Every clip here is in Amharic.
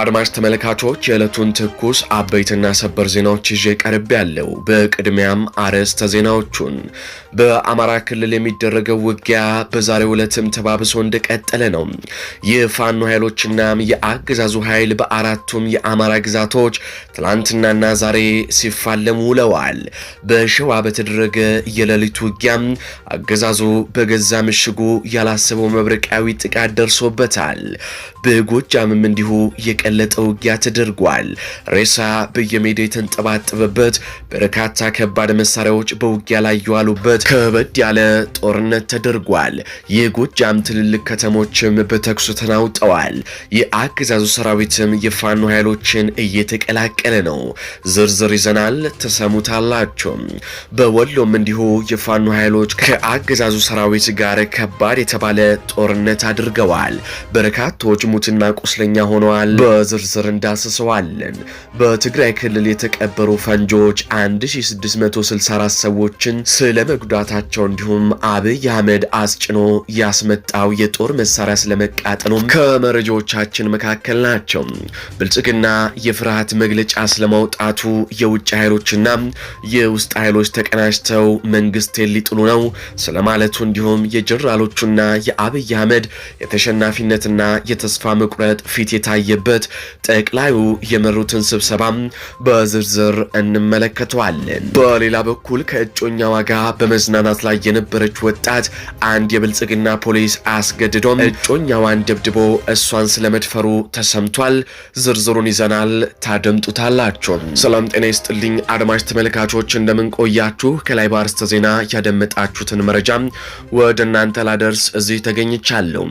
አድማጭ ተመልካቾች የዕለቱን ትኩስ አበይትና ሰበር ዜናዎች ይዤ ቀርብ ያለው። በቅድሚያም አርዕስተ ዜናዎቹን በአማራ ክልል የሚደረገው ውጊያ በዛሬው ዕለትም ተባብሶ እንደቀጠለ ነው። የፋኖ ኃይሎችና የአገዛዙ ኃይል በአራቱም የአማራ ግዛቶች ትላንትናና ዛሬ ሲፋለሙ ውለዋል። በሸዋ በተደረገ የሌሊት ውጊያም አገዛዙ በገዛ ምሽጉ ያላሰበው መብረቃዊ ጥቃት ደርሶበታል። በጎጃምም እንዲሁ የተቀለጠ ውጊያ ተደርጓል። ሬሳ በየሜዳው የተንጠባጠበበት፣ በርካታ ከባድ መሳሪያዎች በውጊያ ላይ የዋሉበት ከበድ ያለ ጦርነት ተደርጓል። የጎጃም ትልልቅ ከተሞችም በተኩሱ ተናውጠዋል። የአገዛዙ ሰራዊትም የፋኖ ኃይሎችን እየተቀላቀለ ነው። ዝርዝር ይዘናል፣ ተሰሙታላችሁ። በወሎም እንዲሁ የፋኖ ኃይሎች ከአገዛዙ ሰራዊት ጋር ከባድ የተባለ ጦርነት አድርገዋል። በርካቶች ሙትና ቁስለኛ ሆነዋል። በዝርዝር እንዳስሰዋለን። በትግራይ ክልል የተቀበሩ ፈንጂዎች 1664 ሰዎችን ስለመጉዳታቸው እንዲሁም አብይ አህመድ አስጭኖ ያስመጣው የጦር መሳሪያ ስለመቃጠሉም ከመረጃዎቻችን መካከል ናቸው። ብልጽግና የፍርሃት መግለጫ ስለማውጣቱ የውጭ ኃይሎችና የውስጥ ኃይሎች ተቀናጅተው መንግስት ሊጥሉ ነው ስለማለቱ እንዲሁም የጀነራሎቹና የአብይ አህመድ የተሸናፊነትና የተስፋ መቁረጥ ፊት የታየበት በማለት ጠቅላዩ የመሩትን ስብሰባ በዝርዝር እንመለከተዋለን። በሌላ በኩል ከእጮኛዋ ጋር በመዝናናት ላይ የነበረች ወጣት አንድ የብልጽግና ፖሊስ አስገድዶም እጮኛዋን ደብድቦ እሷን ስለመድፈሩ ተሰምቷል። ዝርዝሩን ይዘናል፣ ታደምጡታላችሁ። ሰላም ጤና ይስጥልኝ አድማጭ ተመልካቾች፣ እንደምንቆያችሁ ከላይ በአርዕስተ ዜና ያደመጣችሁትን መረጃ ወደ እናንተ ላደርስ እዚህ ተገኝቻለሁ።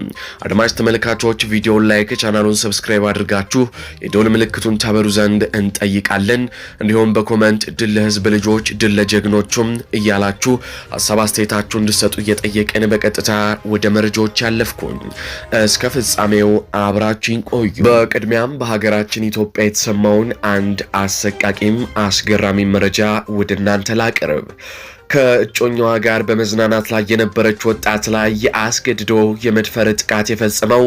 አድማጭ ተመልካቾች ቪዲዮን ላይክ፣ ቻናሉን ሰብስክራይብ አድርጋ ሆናችሁ የደውል ምልክቱን ታበሩ ዘንድ እንጠይቃለን። እንዲሁም በኮመንት ድል ለህዝብ ልጆች ድል ለጀግኖቹም እያላችሁ ሀሳብ አስተያየታችሁ እንድሰጡ እየጠየቅን በቀጥታ ወደ መረጃዎች ያለፍኩኝ እስከ ፍጻሜው አብራችን ቆዩ። በቅድሚያም በሀገራችን ኢትዮጵያ የተሰማውን አንድ አሰቃቂም አስገራሚ መረጃ ወደ እናንተ ላቅርብ። ከእጮኛዋ ጋር በመዝናናት ላይ የነበረች ወጣት ላይ አስገድዶ የመድፈር ጥቃት የፈጸመው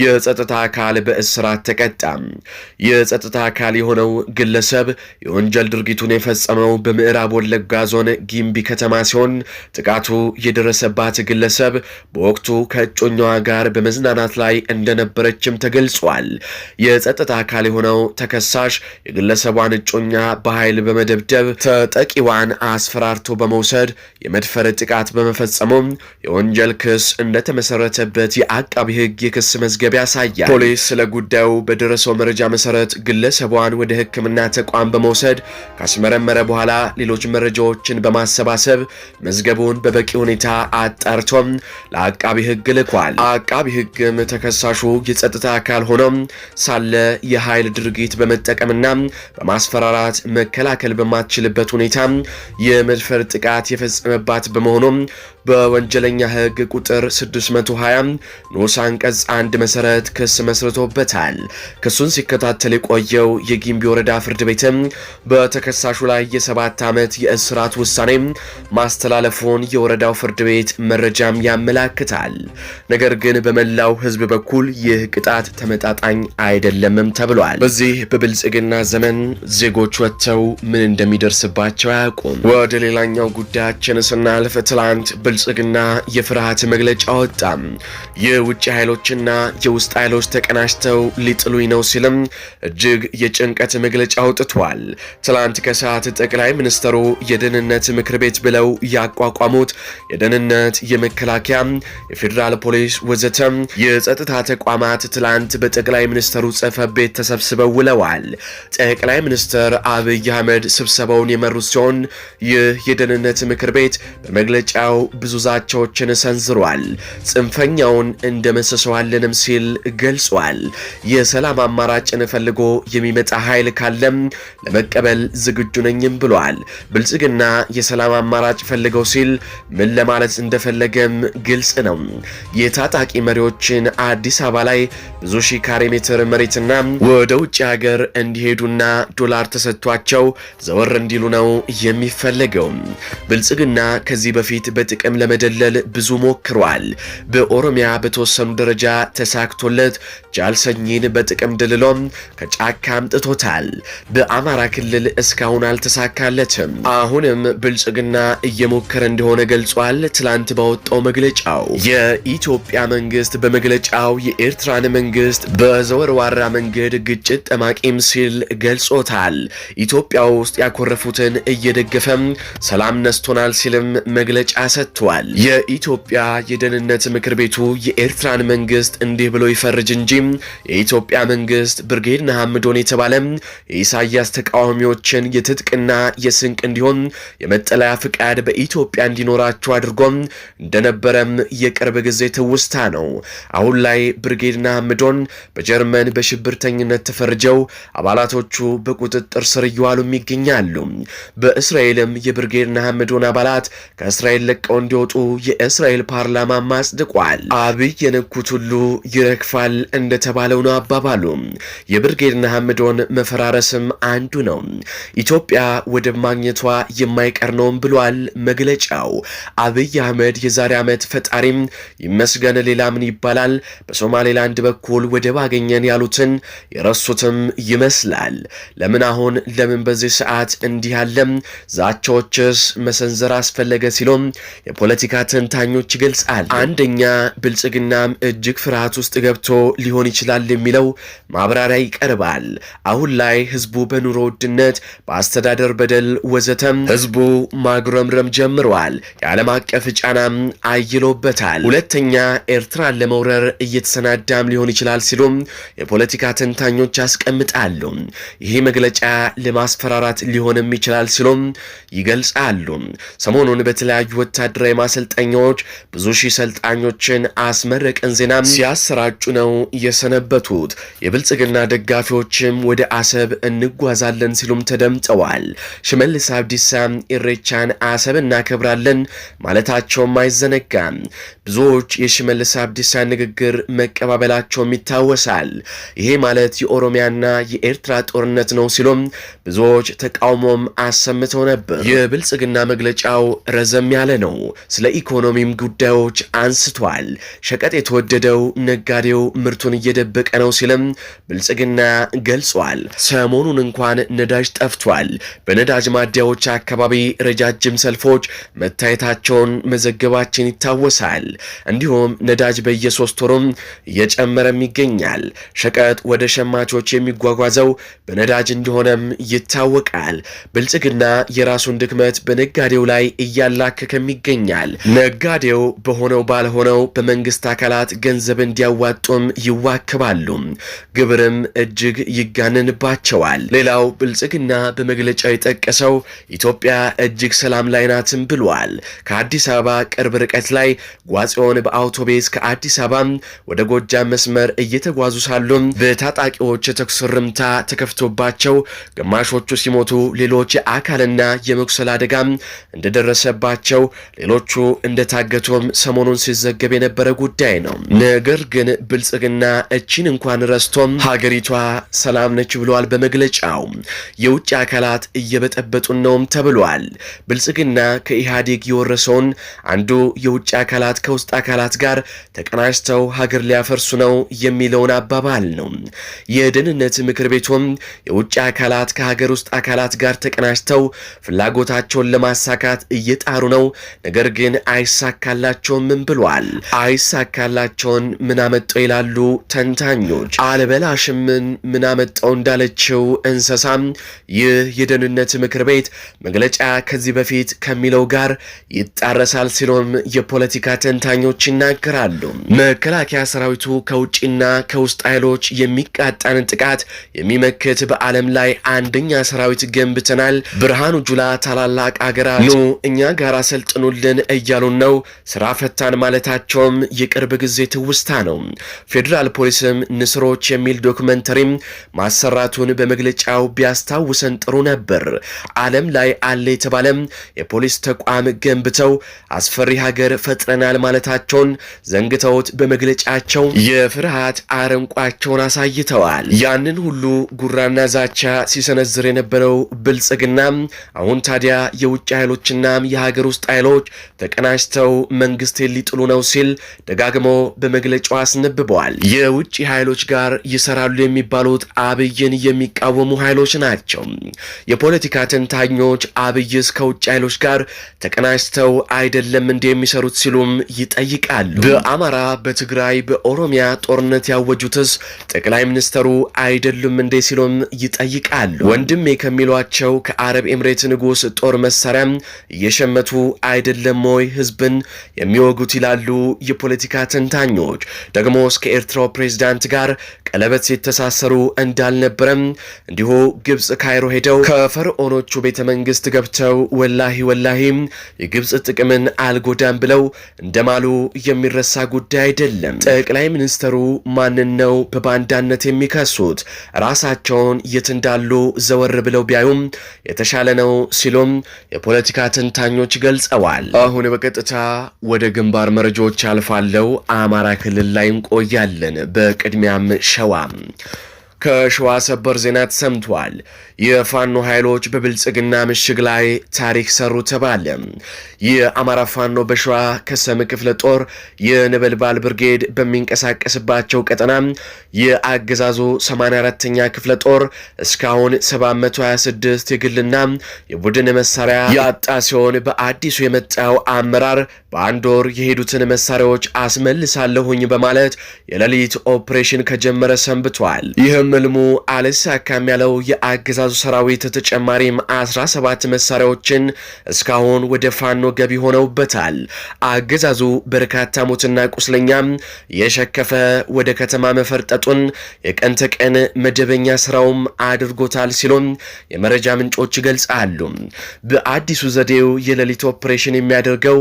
የጸጥታ አካል በእስራት ተቀጣ። የጸጥታ አካል የሆነው ግለሰብ የወንጀል ድርጊቱን የፈጸመው በምዕራብ ወለጋ ዞን ጊምቢ ከተማ ሲሆን ጥቃቱ የደረሰባት ግለሰብ በወቅቱ ከእጮኛዋ ጋር በመዝናናት ላይ እንደነበረችም ተገልጿል። የጸጥታ አካል የሆነው ተከሳሽ የግለሰቧን እጮኛ በኃይል በመደብደብ ተጠቂዋን አስፈራርቶ በመ በመውሰድ የመድፈር ጥቃት በመፈጸሙም የወንጀል ክስ እንደተመሰረተበት የአቃቢ ህግ የክስ መዝገብ ያሳያል። ፖሊስ ስለ ጉዳዩ በደረሰው መረጃ መሰረት ግለሰቧን ወደ ህክምና ተቋም በመውሰድ ካስመረመረ በኋላ ሌሎች መረጃዎችን በማሰባሰብ መዝገቡን በበቂ ሁኔታ አጣርቶም ለአቃቢ ህግ ልኳል። አቃቢ ህግም ተከሳሹ የጸጥታ አካል ሆኖም ሳለ የኃይል ድርጊት በመጠቀምና በማስፈራራት መከላከል በማትችልበት ሁኔታ የመድፈር ጥቃት ጥቃት የፈጸመባት በመሆኑም በወንጀለኛ ሕግ ቁጥር 620 ንዑስ አንቀጽ አንድ መሰረት ክስ መስርቶበታል። ክሱን ሲከታተል የቆየው የጊምቢ ወረዳ ፍርድ ቤትም በተከሳሹ ላይ የሰባት ዓመት የእስራት ውሳኔ ማስተላለፉን የወረዳው ፍርድ ቤት መረጃም ያመላክታል። ነገር ግን በመላው ህዝብ በኩል ይህ ቅጣት ተመጣጣኝ አይደለምም ተብሏል። በዚህ በብልጽግና ዘመን ዜጎች ወጥተው ምን እንደሚደርስባቸው አያውቁም። ወደ ሌላኛው ጉዳያችን ስናልፍ ትላንት ብልጽግና የፍርሃት መግለጫ ወጣ። የውጭ ኃይሎችና የውስጥ ኃይሎች ተቀናጅተው ሊጥሉኝ ነው ሲልም እጅግ የጭንቀት መግለጫ አውጥቷል። ትላንት ከሰዓት ጠቅላይ ሚኒስትሩ የደህንነት ምክር ቤት ብለው ያቋቋሙት የደህንነት፣ የመከላከያ፣ የፌዴራል ፖሊስ ወዘተ የጸጥታ ተቋማት ትላንት በጠቅላይ ሚኒስትሩ ጽህፈት ቤት ተሰብስበው ውለዋል። ጠቅላይ ሚኒስትር አብይ አህመድ ስብሰባውን የመሩት ሲሆን ይህ የደህንነት ምክር ቤት በመግለጫው ብዙ ዛቻዎችን ሰንዝሯል። ጽንፈኛውን እንደመሰሰዋለንም ሲል ገልጿል። የሰላም አማራጭን ፈልጎ የሚመጣ ኃይል ካለም ለመቀበል ዝግጁ ነኝም ብሏል። ብልጽግና የሰላም አማራጭ ፈልገው ሲል ምን ለማለት እንደፈለገም ግልጽ ነው። የታጣቂ መሪዎችን አዲስ አበባ ላይ ብዙ ሺህ ካሬ ሜትር መሬትና ወደ ውጭ ሀገር እንዲሄዱና ዶላር ተሰጥቷቸው ዘወር እንዲሉ ነው የሚፈለገው። ብልጽግና ከዚህ በፊት በጥቅም አቅም ለመደለል ብዙ ሞክሯል። በኦሮሚያ በተወሰኑ ደረጃ ተሳክቶለት ጃልሰኝን በጥቅም ድልሎም ከጫካ አምጥቶታል። በአማራ ክልል እስካሁን አልተሳካለትም። አሁንም ብልጽግና እየሞከረ እንደሆነ ገልጿል። ትላንት ባወጣው መግለጫው የኢትዮጵያ መንግስት በመግለጫው የኤርትራን መንግስት በዘወርዋራ መንገድ ግጭት ጠማቂም ሲል ገልጾታል። ኢትዮጵያ ውስጥ ያኮረፉትን እየደገፈም ሰላም ነስቶናል ሲልም መግለጫ ሰጥቷል። ተሰጥቷል። የኢትዮጵያ የደህንነት ምክር ቤቱ የኤርትራን መንግስት እንዲህ ብሎ ይፈርጅ እንጂ የኢትዮጵያ መንግስት ብርጌድ ነሐምዶን የተባለ የኢሳያስ ተቃዋሚዎችን የትጥቅና የስንቅ እንዲሆን የመጠለያ ፍቃድ በኢትዮጵያ እንዲኖራቸው አድርጎም እንደነበረም የቅርብ ጊዜ ትውስታ ነው። አሁን ላይ ብርጌድ ነሐምዶን በጀርመን በሽብርተኝነት ተፈርጀው አባላቶቹ በቁጥጥር ስር እየዋሉም ይገኛሉ። በእስራኤልም የብርጌድ ነሐምዶን አባላት ከእስራኤል ለቀው እንዲወጡ የእስራኤል ፓርላማ ማጽድቋል። አብይ የነኩት ሁሉ ይረግፋል እንደተባለው ነው አባባሉ። የብርጌድ ንሓመዶን መፈራረስም አንዱ ነው። ኢትዮጵያ ወደብ ማግኘቷ የማይቀር ነውም ብሏል መግለጫው። አብይ አህመድ የዛሬ ዓመት ፈጣሪም ይመስገን ሌላ ምን ይባላል፣ በሶማሌላንድ በኩል ወደብ አገኘን ያሉትን የረሱትም ይመስላል። ለምን አሁን ለምን በዚህ ሰዓት እንዲህ አለም ዛቻዎችስ መሰንዘር አስፈለገ ሲሎም የፖለቲካ ተንታኞች ይገልጻል። አንደኛ ብልጽግናም እጅግ ፍርሃት ውስጥ ገብቶ ሊሆን ይችላል የሚለው ማብራሪያ ይቀርባል። አሁን ላይ ህዝቡ በኑሮ ውድነት፣ በአስተዳደር በደል ወዘተም ህዝቡ ማጉረምረም ጀምረዋል። የዓለም አቀፍ ጫናም አይሎበታል። ሁለተኛ ኤርትራን ለመውረር እየተሰናዳም ሊሆን ይችላል ሲሉም የፖለቲካ ተንታኞች ያስቀምጣሉ። ይህ መግለጫ ለማስፈራራት ሊሆንም ይችላል ሲሉም ይገልጻሉ። ሰሞኑን በተለያዩ ወታደራዊ ወታደራዊ ማሰልጠኛዎች ብዙ ሺህ ሰልጣኞችን አስመረቀን ዜናም ሲያሰራጩ ነው የሰነበቱት። የብልጽግና ደጋፊዎችም ወደ አሰብ እንጓዛለን ሲሉም ተደምጠዋል። ሽመልስ አብዲሳም ኢሬቻን አሰብ እናከብራለን ማለታቸውም አይዘነጋም። ብዙዎች የሽመልስ አብዲሳ ንግግር መቀባበላቸውም ይታወሳል። ይሄ ማለት የኦሮሚያና የኤርትራ ጦርነት ነው ሲሉም ብዙዎች ተቃውሞም አሰምተው ነበር። የብልጽግና መግለጫው ረዘም ያለ ነው። ስለ ኢኮኖሚም ጉዳዮች አንስቷል። ሸቀጥ የተወደደው ነጋዴው ምርቱን እየደበቀ ነው ሲልም ብልጽግና ገልጿል። ሰሞኑን እንኳን ነዳጅ ጠፍቷል። በነዳጅ ማደያዎች አካባቢ ረጃጅም ሰልፎች መታየታቸውን መዘገባችን ይታወሳል። እንዲሁም ነዳጅ በየሶስት ወሩም እየጨመረም ይገኛል። ሸቀጥ ወደ ሸማቾች የሚጓጓዘው በነዳጅ እንደሆነም ይታወቃል። ብልጽግና የራሱን ድክመት በነጋዴው ላይ እያላከከም ይገኛል። ይገኛል። ነጋዴው በሆነው ባልሆነው በመንግስት አካላት ገንዘብ እንዲያዋጡም ይዋክባሉ። ግብርም እጅግ ይጋነንባቸዋል። ሌላው ብልጽግና በመግለጫው የጠቀሰው ኢትዮጵያ እጅግ ሰላም ላይ ናትም ብሏል። ከአዲስ አበባ ቅርብ ርቀት ላይ ጓጽዮን በአውቶቤስ ከአዲስ አበባ ወደ ጎጃም መስመር እየተጓዙ ሳሉ በታጣቂዎች የተኩስ ርምታ ተከፍቶባቸው ግማሾቹ ሲሞቱ ሌሎች የአካልና የመቁሰል አደጋ እንደደረሰባቸው ሌሎቹ እንደታገቱም ሰሞኑን ሲዘገብ የነበረ ጉዳይ ነው። ነገር ግን ብልጽግና እቺን እንኳን ረስቶም ሀገሪቷ ሰላም ነች ብለዋል። በመግለጫው የውጭ አካላት እየበጠበጡን ነውም ተብሏል። ብልጽግና ከኢህአዴግ የወረሰውን አንዱ የውጭ አካላት ከውስጥ አካላት ጋር ተቀናጅተው ሀገር ሊያፈርሱ ነው የሚለውን አባባል ነው። የደህንነት ምክር ቤቱም የውጭ አካላት ከሀገር ውስጥ አካላት ጋር ተቀናጅተው ፍላጎታቸውን ለማሳካት እየጣሩ ነው ነገር ነገር ግን አይሳካላቸውም ብሏል። አይሳካላቸውን ምናመጠው ይላሉ ተንታኞች። አልበላሽምን ምናመጠው እንዳለችው እንስሳም ይህ የደህንነት ምክር ቤት መግለጫ ከዚህ በፊት ከሚለው ጋር ይጣረሳል ሲሉም የፖለቲካ ተንታኞች ይናገራሉ። መከላከያ ሰራዊቱ ከውጭና ከውስጥ ኃይሎች የሚቃጣንን ጥቃት የሚመክት በዓለም ላይ አንደኛ ሰራዊት ገንብተናል። ብርሃኑ ጁላ ታላላቅ አገራት ኑ እኛ ጋር አሰልጥኑልን ፈታን እያሉን ነው። ስራ ፈታን ማለታቸውም የቅርብ ጊዜ ትውስታ ነው። ፌዴራል ፖሊስም ንስሮች የሚል ዶክመንተሪም ማሰራቱን በመግለጫው ቢያስታውሰን ጥሩ ነበር። ዓለም ላይ አለ የተባለም የፖሊስ ተቋም ገንብተው አስፈሪ ሀገር ፈጥረናል ማለታቸውን ዘንግተውት በመግለጫቸው የፍርሃት አረንቋቸውን አሳይተዋል። ያንን ሁሉ ጉራና ዛቻ ሲሰነዝር የነበረው ብልጽግና አሁን ታዲያ የውጭ ኃይሎችና የሀገር ውስጥ ኃይሎች ተቀናጅተው መንግስት ሊጥሉ ነው ሲል ደጋግሞ በመግለጫው አስነብበዋል። የውጭ ኃይሎች ጋር ይሰራሉ የሚባሉት አብይን የሚቃወሙ ኃይሎች ናቸው። የፖለቲካ ተንታኞች አብይስ ከውጭ ኃይሎች ጋር ተቀናጅተው አይደለም እንደ የሚሰሩት ሲሉም ይጠይቃሉ። በአማራ፣ በትግራይ፣ በኦሮሚያ ጦርነት ያወጁትስ ጠቅላይ ሚኒስተሩ አይደሉም እንዴ ሲሉም ይጠይቃሉ። ወንድሜ ከሚሏቸው ከአረብ ኤምሬት ንጉስ ጦር መሳሪያም እየሸመቱ አይደለም ደግሞ ህዝብን የሚወጉት ይላሉ የፖለቲካ ተንታኞች። ደግሞ እስከ ኤርትራው ፕሬዝዳንት ጋር ቀለበት የተሳሰሩ እንዳልነበረም እንዲሁ ግብፅ ካይሮ ሄደው ከፈርዖኖቹ ቤተ መንግስት ገብተው ወላሂ ወላሂም የግብፅ ጥቅምን አልጎዳም ብለው እንደማሉ የሚረሳ ጉዳይ አይደለም። ጠቅላይ ሚኒስትሩ ማንን ነው በባንዳነት የሚከሱት? ራሳቸውን የት እንዳሉ ዘወር ብለው ቢያዩም የተሻለ ነው ሲሉም የፖለቲካ ተንታኞች ገልጸዋል። አሁን በቀጥታ ወደ ግንባር መረጃዎች አልፋለው። አማራ ክልል ላይ እንቆያለን። በቅድሚያም ሸዋ ከሸዋ ሰበር ዜና ተሰምቷል። የፋኖ ኃይሎች በብልጽግና ምሽግ ላይ ታሪክ ሰሩ ተባለ። የአማራ ፋኖ በሸዋ ከሰም ክፍለ ጦር የነበልባል ብርጌድ በሚንቀሳቀስባቸው ቀጠና የአገዛዙ 84ኛ ክፍለ ጦር እስካሁን 726 የግልና የቡድን መሳሪያ ያጣ ሲሆን በአዲሱ የመጣው አመራር በአንድ ወር የሄዱትን መሳሪያዎች አስመልሳለሁኝ በማለት የሌሊት ኦፕሬሽን ከጀመረ ሰንብቷል። ይህም እልሙ አልሳካም ያለው የአገዛዙ የአገዛዙ ሰራዊት ተጨማሪም 17 መሳሪያዎችን እስካሁን ወደ ፋኖ ገቢ ሆነውበታል። አገዛዙ በርካታ ሞትና ቁስለኛም የሸከፈ ወደ ከተማ መፈርጠጡን የቀን ተቀን መደበኛ ስራውም አድርጎታል ሲሉም የመረጃ ምንጮች ይገልጻሉ። በአዲሱ ዘዴው የሌሊት ኦፕሬሽን የሚያደርገው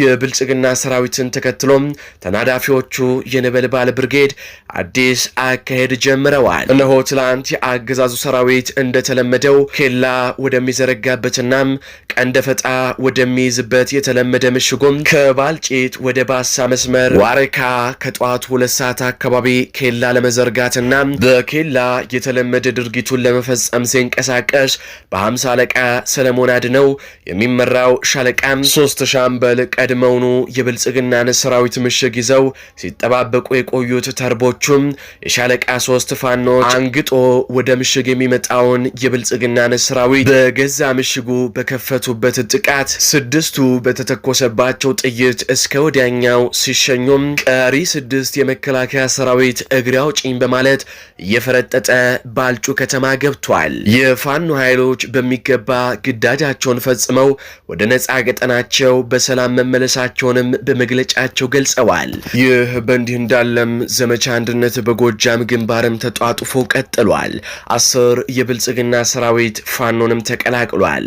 የብልጽግና ሰራዊትን ተከትሎም ተናዳፊዎቹ የነበልባል ብርጌድ አዲስ አካሄድ ጀምረዋል። እነሆ ትላንት የአገዛዙ ሰራዊት እንደ የተለመደው ኬላ ወደሚዘረጋበትናም ቀንደፈጣ ወደሚይዝበት የተለመደ ምሽጎም ከባልጭት ወደ ባሳ መስመር ዋሬካ ከጠዋቱ ሁለት ሰዓት አካባቢ ኬላ ለመዘርጋትና በኬላ የተለመደ ድርጊቱን ለመፈጸም ሲንቀሳቀስ በሀምሳ አለቃ ሰለሞን አድነው የሚመራው ሻለቃም ሶስት ሻምበል ቀድመውኑ የብልጽግናን ሰራዊት ምሽግ ይዘው ሲጠባበቁ የቆዩት ተርቦቹም የሻለቃ ሶስት ፋኖች አንግጦ ወደ ምሽግ የሚመጣውን የብልጽግናን ሰራዊት በገዛ ምሽጉ በከፈቱበት ጥቃት ስድስቱ በተተኮሰባቸው ጥይት እስከ ወዲያኛው ሲሸኙም ቀሪ ስድስት የመከላከያ ሰራዊት እግሬ አውጪኝ በማለት እየፈረጠጠ ባልጩ ከተማ ገብቷል። የፋኖ ኃይሎች በሚገባ ግዳጃቸውን ፈጽመው ወደ ነጻ ገጠናቸው በሰላም መመለሳቸውንም በመግለጫቸው ገልጸዋል። ይህ በእንዲህ እንዳለም ዘመቻ አንድነት በጎጃም ግንባርም ተጧጡፎ ቀጥሏል። አስር የብልጽግ ብልጽግና ሰራዊት ፋኖንም ተቀላቅሏል።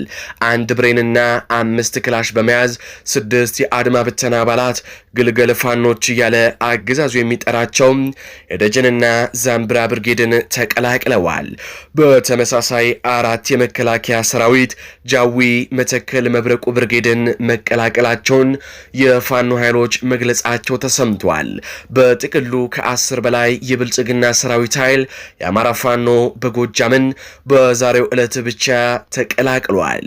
አንድ ብሬንና አምስት ክላሽ በመያዝ ስድስት የአድማ ብተና አባላት ግልገል ፋኖች እያለ አገዛዙ የሚጠራቸው የደጀንና ዛምብራ ብርጌድን ተቀላቅለዋል። በተመሳሳይ አራት የመከላከያ ሰራዊት ጃዊ መተከል መብረቁ ብርጌድን መቀላቀላቸውን የፋኖ ኃይሎች መግለጻቸው ተሰምቷል። በጥቅሉ ከአስር በላይ የብልጽግና ሰራዊት ኃይል የአማራ ፋኖ በጎጃምን በ በዛሬው ዕለት ብቻ ተቀላቅሏል።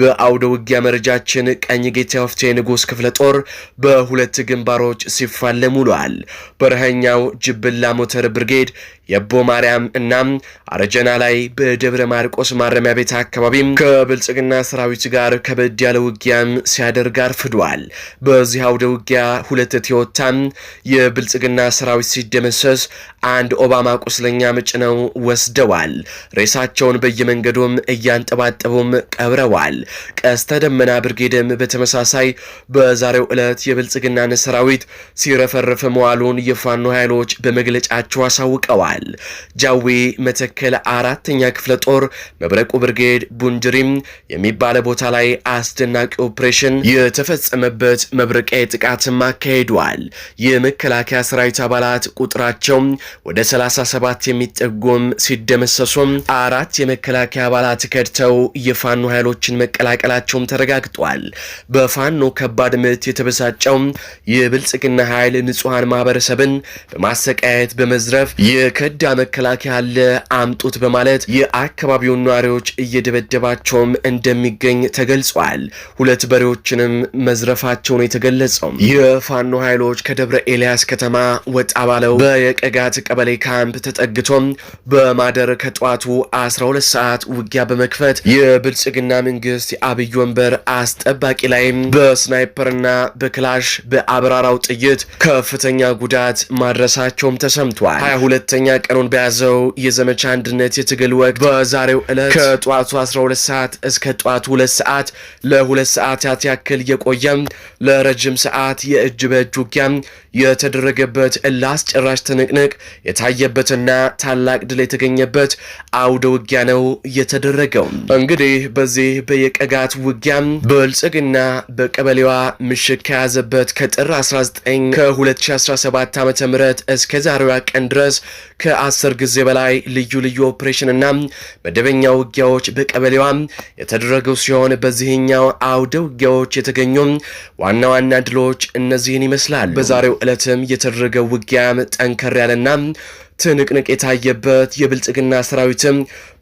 በአውደ ውጊያ መረጃችን ቀኝ ጌታ ወፍቴ ንጉሥ ክፍለ ጦር በሁለት ግንባሮች ሲፋለም ውሏል። በረሃኛው ጅብላ ሞተር ብርጌድ የቦ ማርያም እናም አረጀና ላይ በደብረ ማርቆስ ማረሚያ ቤት አካባቢም ከብልጽግና ሰራዊት ጋር ከበድ ያለ ውጊያም ሲያደርግ አርፍዷል። በዚህ አውደ ውጊያ ሁለት ትዮታ የብልጽግና ሰራዊት ሲደመሰስ አንድ ኦባማ ቁስለኛ ምጭነው ወስደዋል። ሬሳቸውን በየመንገዱም እያንጠባጠቡም ቀብረዋል። ቀስተ ደመና ብርጌድም በተመሳሳይ በዛሬው ዕለት የብልጽግናን ሰራዊት ሲረፈርፍ መዋሉን የፋኖ ኃይሎች በመግለጫቸው አሳውቀዋል። ጃዊ መተከል አራተኛ ክፍለ ጦር መብረቁ ብርጌድ ቡንጅሪም የሚባለ ቦታ ላይ አስደናቂ ኦፕሬሽን የተፈጸመበት መብረቂያ ጥቃትም አካሂዷል። የመከላከያ ሰራዊት አባላት ቁጥራቸው ወደ 37 የሚጠጉም ሲደመሰሱም አራት የመከላከያ አባላት ከድተው የፋኖ ኃይሎችን መቀላቀላቸውም ተረጋግጧል። በፋኖ ከባድ ምት የተበሳጨው የብልጽግና ኃይል ንጹሐን ማህበረሰብን በማሰቃየት በመዝረፍ የከዳ መከላከያ አለ አምጡት በማለት የአካባቢውን ነዋሪዎች እየደበደባቸውም እንደሚገኝ ተገልጿል። ሁለት በሬዎችንም መዝረፋቸው ነው የተገለጸው። የፋኖ ኃይሎች ከደብረ ኤልያስ ከተማ ወጣ ባለው በየቀጋት ቀበሌ ካምፕ ተጠግቶም በማደር ከጠዋቱ 12 አምስት ሰዓት ውጊያ በመክፈት የብልጽግና መንግስት የአብይ ወንበር አስጠባቂ ላይም በስናይፐርና በክላሽ በአብራራው ጥይት ከፍተኛ ጉዳት ማድረሳቸውም ተሰምቷል። ሀያ ሁለተኛ ቀኑን በያዘው የዘመቻ አንድነት የትግል ወቅት በዛሬው ዕለት ከጠዋቱ 12 ሰዓት እስከ ጠዋቱ ሁለት ሰዓት ለሁለት ሰዓታት ያክል የቆየም ለረጅም ሰዓት የእጅ በእጅ ውጊያም የተደረገበት እልህ ትንቅንቅ የታየበትና ታላቅ ድል የተገኘበት አውደ ውጊያ ነው የተደረገው። እንግዲህ በዚህ በየቀጋት ውጊያም ብልጽግና በቀበሌዋ ምሽግ ከያዘበት ከጥር 19 ከ2017 ዓ ም እስከ ዛሬዋ ቀን ድረስ ከ10 ጊዜ በላይ ልዩ ልዩ ኦፕሬሽንና መደበኛ ውጊያዎች በቀበሌዋ የተደረገው ሲሆን በዚህኛው አውደ ውጊያዎች የተገኙ ዋና ዋና ድሎች እነዚህን ይመስላል። በዛሬው ዕለትም የተደረገው ውጊያም ጠንከር ያለና ትንቅንቅ የታየበት የብልጽግና ሰራዊትም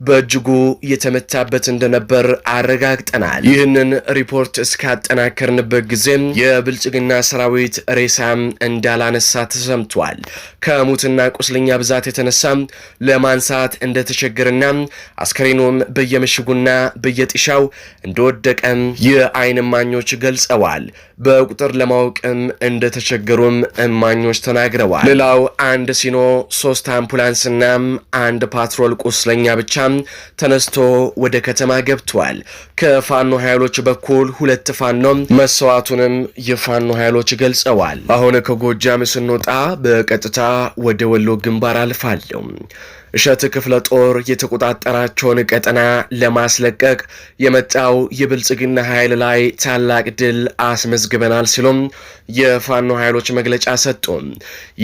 በእጅጉ የተመታበት እንደነበር አረጋግጠናል። ይህንን ሪፖርት እስካጠናከርንበት ጊዜም የብልጽግና ሰራዊት ሬሳም እንዳላነሳ ተሰምቷል። ከሙትና ቁስለኛ ብዛት የተነሳም ለማንሳት እንደተቸገርና አስከሬኑም በየምሽጉና በየጢሻው እንደወደቀም የአይን እማኞች ገልጸዋል። በቁጥር ለማወቅም እንደተቸገሩም እማኞች ተናግረዋል። ሌላው አንድ ሲኖ ሶስት አምቡላንስና አንድ ፓትሮል ቁስለኛ ብቻ ተነስቶ ወደ ከተማ ገብቷል። ከፋኖ ኃይሎች በኩል ሁለት ፋኖ መስዋዕቱንም የፋኖ ኃይሎች ገልጸዋል። አሁን ከጎጃም ስንወጣ በቀጥታ ወደ ወሎ ግንባር አልፋለሁ። እሸት ክፍለ ጦር የተቆጣጠራቸውን ቀጠና ለማስለቀቅ የመጣው የብልጽግና ኃይል ላይ ታላቅ ድል አስመዝግበናል ሲሉም የፋኖ ኃይሎች መግለጫ ሰጡ።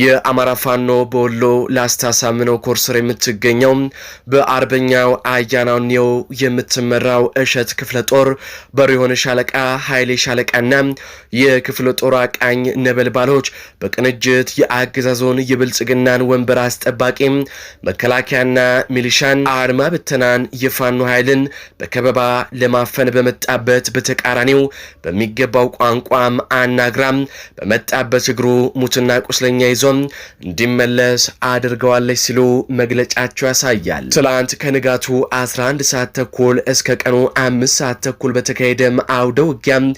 የአማራ ፋኖ በወሎ ላስታሳምነው ኮርስር የምትገኘው በአርበኛው አያናኔው የምትመራው እሸት ክፍለ ጦር በሪሆን ሻለቃ፣ ኃይሌ ሻለቃና የክፍለ ጦር አቃኝ ነበልባሎች በቅንጅት የአገዛዞን የብልጽግናን ወንበር አስጠባቂ መከላ መከላከያና ሚሊሻን አድማ ብተናን የፋኖ ኃይልን በከበባ ለማፈን በመጣበት በተቃራኒው በሚገባው ቋንቋም አናግራም በመጣበት እግሩ ሙትና ቁስለኛ ይዞም እንዲመለስ አድርገዋለች ሲሉ መግለጫቸው ያሳያል። ትላንት ከንጋቱ 11 ሰዓት ተኩል እስከ ቀኑ አምስት ሰዓት ተኩል በተካሄደም አውደ ውጊያም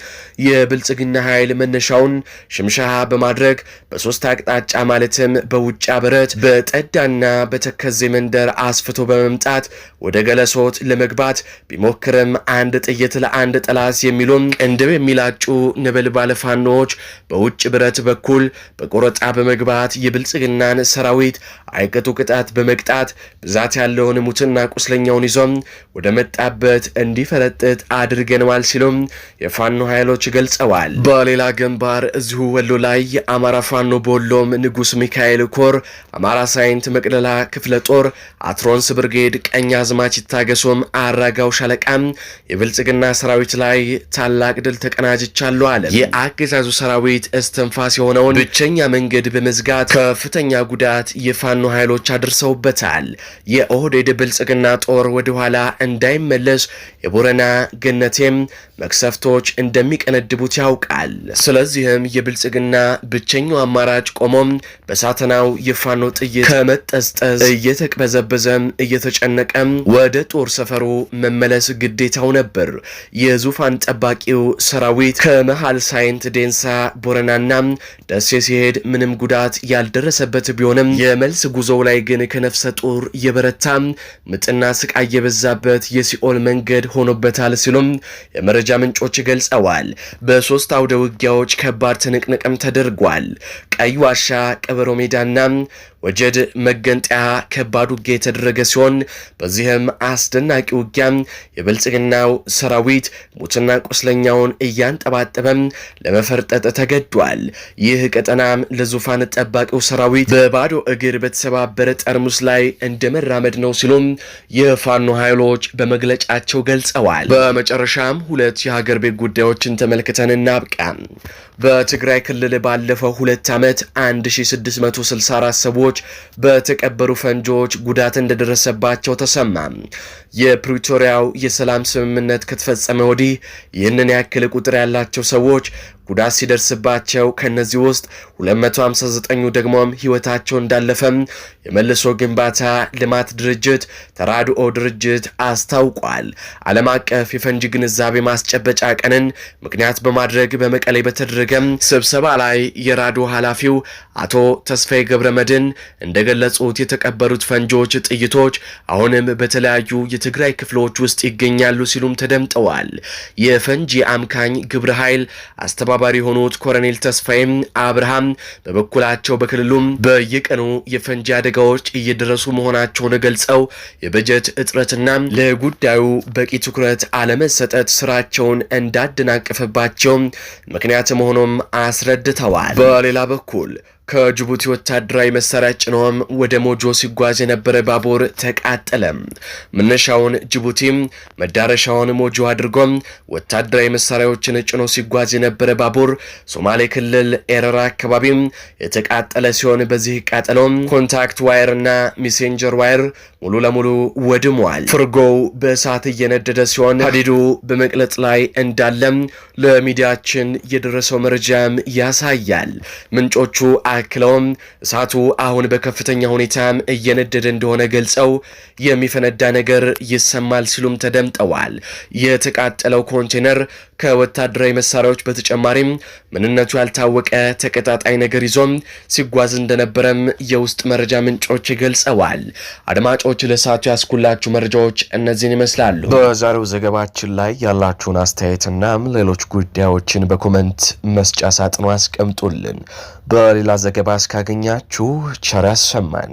የብልጽግና ኃይል መነሻውን ሽምሻሃ በማድረግ በሶስት አቅጣጫ ማለትም በውጫ አበረት በጠዳና በተከዘ ወደዚህ መንደር አስፍቶ በመምጣት ወደ ገለሶት ለመግባት ቢሞክርም አንድ ጥይት ለአንድ ጠላት የሚሉም ቅንድብ የሚላጩ ነበልባለ ፋኖዎች በውጭ ብረት በኩል በቆረጣ በመግባት የብልጽግናን ሰራዊት አይቀጡ ቅጣት በመቅጣት ብዛት ያለውን ሙትና ቁስለኛውን ይዞም ወደ መጣበት እንዲፈረጥጥ አድርገነዋል ሲሉም የፋኖ ኃይሎች ገልጸዋል። በሌላ ግንባር እዚሁ ወሎ ላይ የአማራ ፋኖ በወሎም ንጉስ ሚካኤል ኮር አማራ ሳይንት መቅደላ ክፍለ ጦር አትሮንስ ብርጌድ ቀኝ አዝማች ይታገሶም አራጋው ሻለቃም የብልጽግና ሰራዊት ላይ ታላቅ ድል ተቀናጅቻሉ አለ። የአገዛዙ ሰራዊት እስትንፋስ የሆነውን ብቸኛ መንገድ በመዝጋት ከፍተኛ ጉዳት የፋ የፋኖ ኃይሎች አድርሰውበታል። የኦህዴድ ብልጽግና ጦር ወደኋላ እንዳይመለስ የቦረና ገነቴም መክሰፍቶች እንደሚቀነድቡት ያውቃል። ስለዚህም የብልጽግና ብቸኛው አማራጭ ቆሞም በሳተናው የፋኖ ጥይት ከመጠስጠስ እየተቅበዘበዘም እየተጨነቀም ወደ ጦር ሰፈሩ መመለስ ግዴታው ነበር። የዙፋን ጠባቂው ሰራዊት ከመሃል ሳይንት፣ ዴንሳ፣ ቦረናና ደሴ ሲሄድ ምንም ጉዳት ያልደረሰበት ቢሆንም የመልስ ጉዞው ላይ ግን ከነፍሰ ጡር የበረታ ምጥና ስቃይ የበዛበት የሲኦል መንገድ ሆኖበታል ሲሉም የመረጃ ምንጮች ገልጸዋል። በሶስት አውደ ውጊያዎች ከባድ ትንቅንቅም ተደርጓል። ቀይ ዋሻ፣ ቀበሮ ሜዳና ወጀድ መገንጠያ ከባድ ውጊያ የተደረገ ሲሆን በዚህም አስደናቂ ውጊያ የብልጽግናው ሰራዊት ሙትና ቁስለኛውን እያንጠባጠበም ለመፈርጠጥ ተገዷል። ይህ ቀጠናም ለዙፋን ጠባቂው ሰራዊት በባዶ እግር በተሰባበረ ጠርሙስ ላይ እንደ መራመድ ነው ሲሉም የፋኖ ኃይሎች በመግለጫቸው ገልጸዋል። በመጨረሻም ሁለት የሀገር ቤት ጉዳዮችን ተመልክተን እናብቃ። በትግራይ ክልል ባለፈው ሁለት ዓመት 1664 ሰዎች ሰዎች በተቀበሩ ፈንጂዎች ጉዳት እንደደረሰባቸው ተሰማ። የፕሪቶሪያው የሰላም ስምምነት ከተፈጸመ ወዲህ ይህንን ያክል ቁጥር ያላቸው ሰዎች ጉዳት ሲደርስባቸው ከእነዚህ ውስጥ 259ኙ ደግሞም ህይወታቸው እንዳለፈም የመልሶ ግንባታ ልማት ድርጅት ተራድኦ ድርጅት አስታውቋል። ዓለም አቀፍ የፈንጂ ግንዛቤ ማስጨበጫ ቀንን ምክንያት በማድረግ በመቀሌ በተደረገም ስብሰባ ላይ የራዶ ኃላፊው አቶ ተስፋዬ ገብረ መድን እንደገለጹት የተቀበሩት ፈንጂዎች፣ ጥይቶች አሁንም በተለያዩ የትግራይ ክፍሎች ውስጥ ይገኛሉ ሲሉም ተደምጠዋል። የፈንጂ አምካኝ ግብረ ኃይል አስተባ አስተባባሪ የሆኑት ኮሎኔል ተስፋዬም አብርሃም በበኩላቸው በክልሉም በየቀኑ የፈንጂ አደጋዎች እየደረሱ መሆናቸውን ገልጸው የበጀት እጥረትና ለጉዳዩ በቂ ትኩረት አለመሰጠት ስራቸውን እንዳደናቀፈባቸው ምክንያት መሆኑም አስረድተዋል። በሌላ በኩል ከጅቡቲ ወታደራዊ መሳሪያ ጭኖም ወደ ሞጆ ሲጓዝ የነበረ ባቡር ተቃጠለ። መነሻውን ጅቡቲም መዳረሻውን ሞጆ አድርጎም ወታደራዊ መሳሪያዎችን ጭኖ ሲጓዝ የነበረ ባቡር ሶማሌ ክልል ኤረራ አካባቢም የተቃጠለ ሲሆን በዚህ ቃጠሎም ኮንታክት ዋየር እና ሜሴንጀር ዋየር ሙሉ ለሙሉ ወድሟል። ፍርጎው በእሳት እየነደደ ሲሆን ሀዲዱ በመቅለጥ ላይ እንዳለም ለሚዲያችን የደረሰው መረጃም ያሳያል። ምንጮቹ አክለውም እሳቱ አሁን በከፍተኛ ሁኔታም እየነደደ እንደሆነ ገልጸው የሚፈነዳ ነገር ይሰማል ሲሉም ተደምጠዋል። የተቃጠለው ኮንቴነር ከወታደራዊ መሳሪያዎች በተጨማሪም ምንነቱ ያልታወቀ ተቀጣጣይ ነገር ይዞም ሲጓዝ እንደነበረም የውስጥ መረጃ ምንጮች ገልጸዋል። አድማጮች ለሰዓቱ ያስኩላችሁ መረጃዎች እነዚህን ይመስላሉ። በዛሬው ዘገባችን ላይ ያላችሁን አስተያየትና ሌሎች ጉዳዮችን በኮመንት መስጫ ሳጥኑ አስቀምጡልን። በሌላ ዘገባ እስካገኛችሁ ቸር ያሰማን።